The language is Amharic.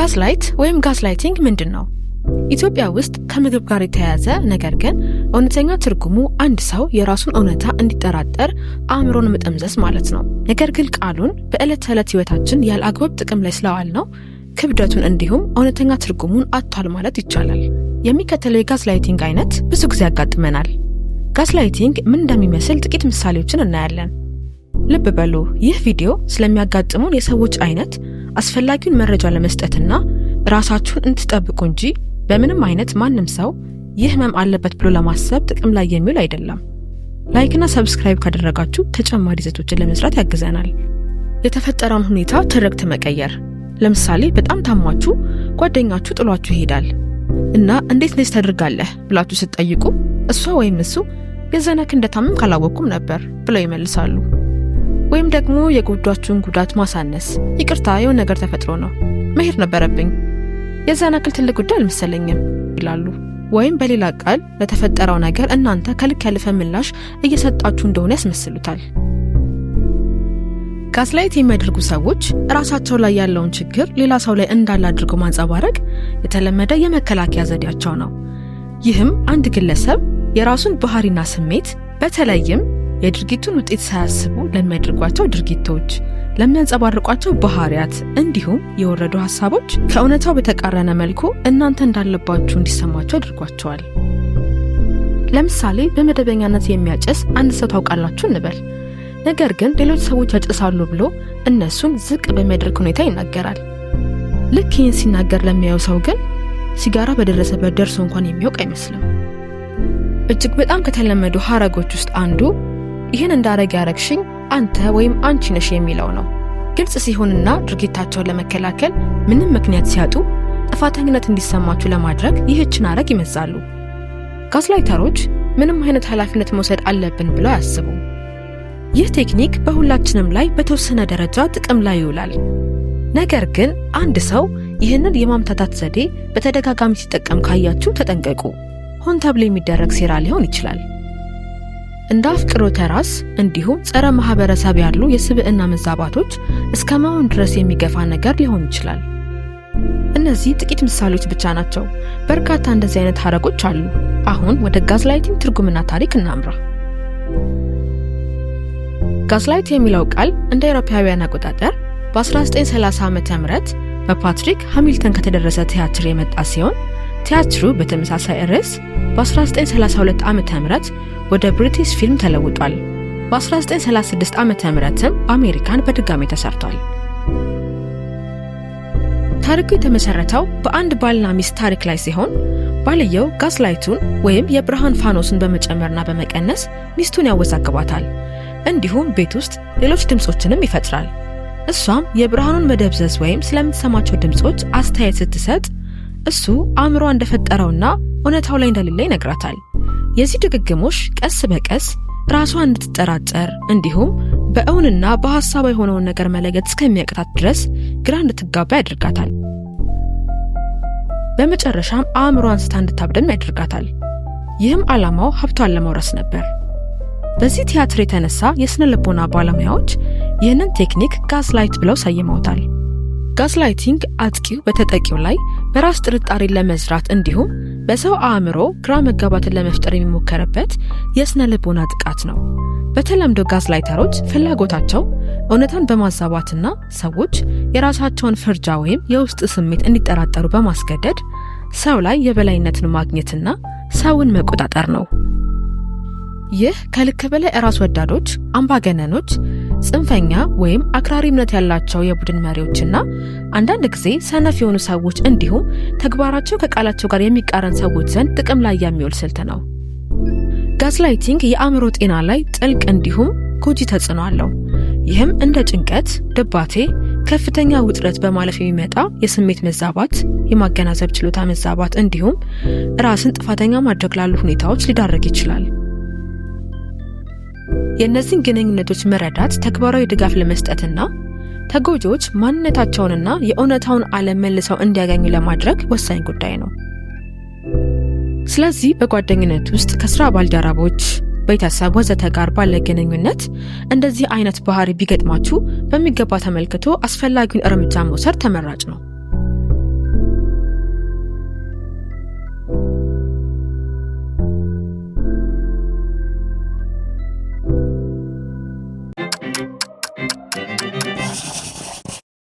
ጋስላይት ወይም ጋዝ ላይቲንግ ምንድን ነው? ኢትዮጵያ ውስጥ ከምግብ ጋር የተያያዘ ነገር ግን እውነተኛ ትርጉሙ አንድ ሰው የራሱን እውነታ እንዲጠራጠር አእምሮን መጠምዘስ ማለት ነው። ነገር ግን ቃሉን በዕለት ተዕለት ሕይወታችን ያለ ጥቅም ላይ ስለዋል ነው ክብደቱን እንዲሁም እውነተኛ ትርጉሙን አጥቷል ማለት ይቻላል። የሚከተለው የጋዝ ላይቲንግ አይነት ብዙ ጊዜ ያጋጥመናል። ጋዝ ላይቲንግ ምን እንደሚመስል ጥቂት ምሳሌዎችን እናያለን። ልብ በሉ፣ ይህ ቪዲዮ ስለሚያጋጥሙን የሰዎች አይነት አስፈላጊውን መረጃ ለመስጠትና ራሳችሁን እንትጠብቁ እንጂ በምንም አይነት ማንም ሰው ይህ ህመም አለበት ብሎ ለማሰብ ጥቅም ላይ የሚውል አይደለም። ላይክና ሰብስክራይብ ካደረጋችሁ ተጨማሪ ይዘቶችን ለመስራት ያግዘናል። የተፈጠረውን ሁኔታ ትርክት መቀየር። ለምሳሌ በጣም ታማችሁ ጓደኛችሁ ጥሏችሁ ይሄዳል እና እንዴት እንደዚህ ታደርጋለህ ብላችሁ ስትጠይቁ እሷ ወይም እሱ የዘነክ እንደታመም ካላወቅኩም ነበር ብለው ይመልሳሉ። ወይም ደግሞ የጎዷችሁን ጉዳት ማሳነስ፣ ይቅርታ የሆነ ነገር ተፈጥሮ ነው መሄድ ነበረብኝ፣ የዛን ያክል ትልቅ ጉዳይ አልመሰለኝም ይላሉ። ወይም በሌላ ቃል ለተፈጠረው ነገር እናንተ ከልክ ያለፈ ምላሽ እየሰጣችሁ እንደሆነ ያስመስሉታል። ጋስላይት የሚያደርጉ ሰዎች ራሳቸው ላይ ያለውን ችግር ሌላ ሰው ላይ እንዳለ አድርጎ ማንጸባረቅ የተለመደ የመከላከያ ዘዴያቸው ነው። ይህም አንድ ግለሰብ የራሱን ባህሪና ስሜት በተለይም የድርጊቱን ውጤት ሳያስቡ ለሚያደርጓቸው ድርጊቶች፣ ለሚያንጸባርቋቸው ባህሪያት እንዲሁም የወረዱ ሀሳቦች ከእውነታው በተቃረነ መልኩ እናንተ እንዳለባችሁ እንዲሰማቸው አድርጓቸዋል። ለምሳሌ በመደበኛነት የሚያጨስ አንድ ሰው ታውቃላችሁ እንበል። ነገር ግን ሌሎች ሰዎች ያጨሳሉ ብሎ እነሱን ዝቅ በሚያደርግ ሁኔታ ይናገራል። ልክ ይህን ሲናገር ለሚያየው ሰው ግን ሲጋራ በደረሰበት ደርሶ እንኳን የሚያውቅ አይመስልም። እጅግ በጣም ከተለመዱ ሀረጎች ውስጥ አንዱ ይህን እንዳረግ ያረግሽኝ አንተ ወይም አንቺ ነሽ የሚለው ነው። ግልጽ ሲሆንና ድርጊታቸውን ለመከላከል ምንም ምክንያት ሲያጡ ጥፋተኝነት እንዲሰማችሁ ለማድረግ ይህችን አረግ ይመዛሉ። ጋስላይተሮች ምንም አይነት ኃላፊነት መውሰድ አለብን ብለው አያስቡም። ይህ ቴክኒክ በሁላችንም ላይ በተወሰነ ደረጃ ጥቅም ላይ ይውላል። ነገር ግን አንድ ሰው ይህንን የማምታታት ዘዴ በተደጋጋሚ ሲጠቀም ካያችሁ ተጠንቀቁ። ሆን ተብሎ የሚደረግ ሴራ ሊሆን ይችላል። እንደ አፍቅሮተ ራስ እንዲሁም ጸረ ማህበረሰብ ያሉ የስብዕና መዛባቶች እስከ መሆን ድረስ የሚገፋ ነገር ሊሆን ይችላል። እነዚህ ጥቂት ምሳሌዎች ብቻ ናቸው። በርካታ እንደዚህ አይነት ሀረጎች አሉ። አሁን ወደ ጋዝላይቲንግ ትርጉምና ታሪክ እናምራ። ጋዝላይት የሚለው ቃል እንደ አውሮፓውያን አቆጣጠር በ1930 ም በፓትሪክ ሃሚልተን ከተደረሰ ቲያትር የመጣ ሲሆን ቲያትሩ በተመሳሳይ ርዕስ በ1932 ዓ ም ወደ ብሪቲሽ ፊልም ተለውጧል። በ1936 ዓ ምም አሜሪካን በድጋሚ ተሰርቷል። ታሪኩ የተመሰረተው በአንድ ባልና ሚስት ታሪክ ላይ ሲሆን ባልየው ጋስላይቱን ወይም የብርሃን ፋኖስን በመጨመርና በመቀነስ ሚስቱን ያወዛግባታል። እንዲሁም ቤት ውስጥ ሌሎች ድምፆችንም ይፈጥራል። እሷም የብርሃኑን መደብዘዝ ወይም ስለምትሰማቸው ድምፆች አስተያየት ስትሰጥ እሱ አእምሯ እንደፈጠረውና እውነታው ላይ እንደሌለ ይነግራታል። የዚህ ድግግሞሽ ቀስ በቀስ ራሷን እንድትጠራጠር እንዲሁም በእውንና በሐሳቧ የሆነውን ነገር መለገት እስከሚያቅታት ድረስ ግራ እንድትጋባ ያደርጋታል። በመጨረሻም አእምሮ አንስታ እንድታብደም ያደርጋታል። ይህም ዓላማው ሀብቷን ለመውረስ ነበር። በዚህ ቲያትር የተነሳ የስነ ልቦና ባለሙያዎች ይህንን ቴክኒክ ጋዝ ላይት ብለው ሰይመውታል። ጋስላይቲንግ አጥቂው በተጠቂው ላይ በራስ ጥርጣሬን ለመዝራት እንዲሁም በሰው አእምሮ ግራ መጋባትን ለመፍጠር የሚሞከርበት የስነ ልቦና ጥቃት ነው። በተለምዶ ጋስላይተሮች ፍላጎታቸው እውነታን በማዛባትና ሰዎች የራሳቸውን ፍርጃ ወይም የውስጥ ስሜት እንዲጠራጠሩ በማስገደድ ሰው ላይ የበላይነትን ማግኘትና ሰውን መቆጣጠር ነው። ይህ ከልክ በላይ ራስ ወዳዶች፣ አምባገነኖች ጽንፈኛ ወይም አክራሪ እምነት ያላቸው የቡድን መሪዎችና አንዳንድ ጊዜ ሰነፍ የሆኑ ሰዎች እንዲሁም ተግባራቸው ከቃላቸው ጋር የሚቃረን ሰዎች ዘንድ ጥቅም ላይ የሚውል ስልት ነው። ጋዝላይቲንግ የአእምሮ ጤና ላይ ጥልቅ እንዲሁም ጎጂ ተጽዕኖ አለው። ይህም እንደ ጭንቀት፣ ድባቴ፣ ከፍተኛ ውጥረት በማለፍ የሚመጣ የስሜት መዛባት፣ የማገናዘብ ችሎታ መዛባት እንዲሁም ራስን ጥፋተኛ ማድረግ ላሉ ሁኔታዎች ሊዳረግ ይችላል። የእነዚህን ግንኙነቶች መረዳት ተግባራዊ ድጋፍ ለመስጠትና ተጎጂዎች ማንነታቸውንና የእውነታውን ዓለም መልሰው እንዲያገኙ ለማድረግ ወሳኝ ጉዳይ ነው። ስለዚህ በጓደኝነት ውስጥ ከስራ ባልደረቦች፣ ቤተሰብ፣ ወዘተ ጋር ባለ ግንኙነት እንደዚህ አይነት ባህሪ ቢገጥማችሁ በሚገባ ተመልክቶ አስፈላጊውን እርምጃ መውሰድ ተመራጭ ነው።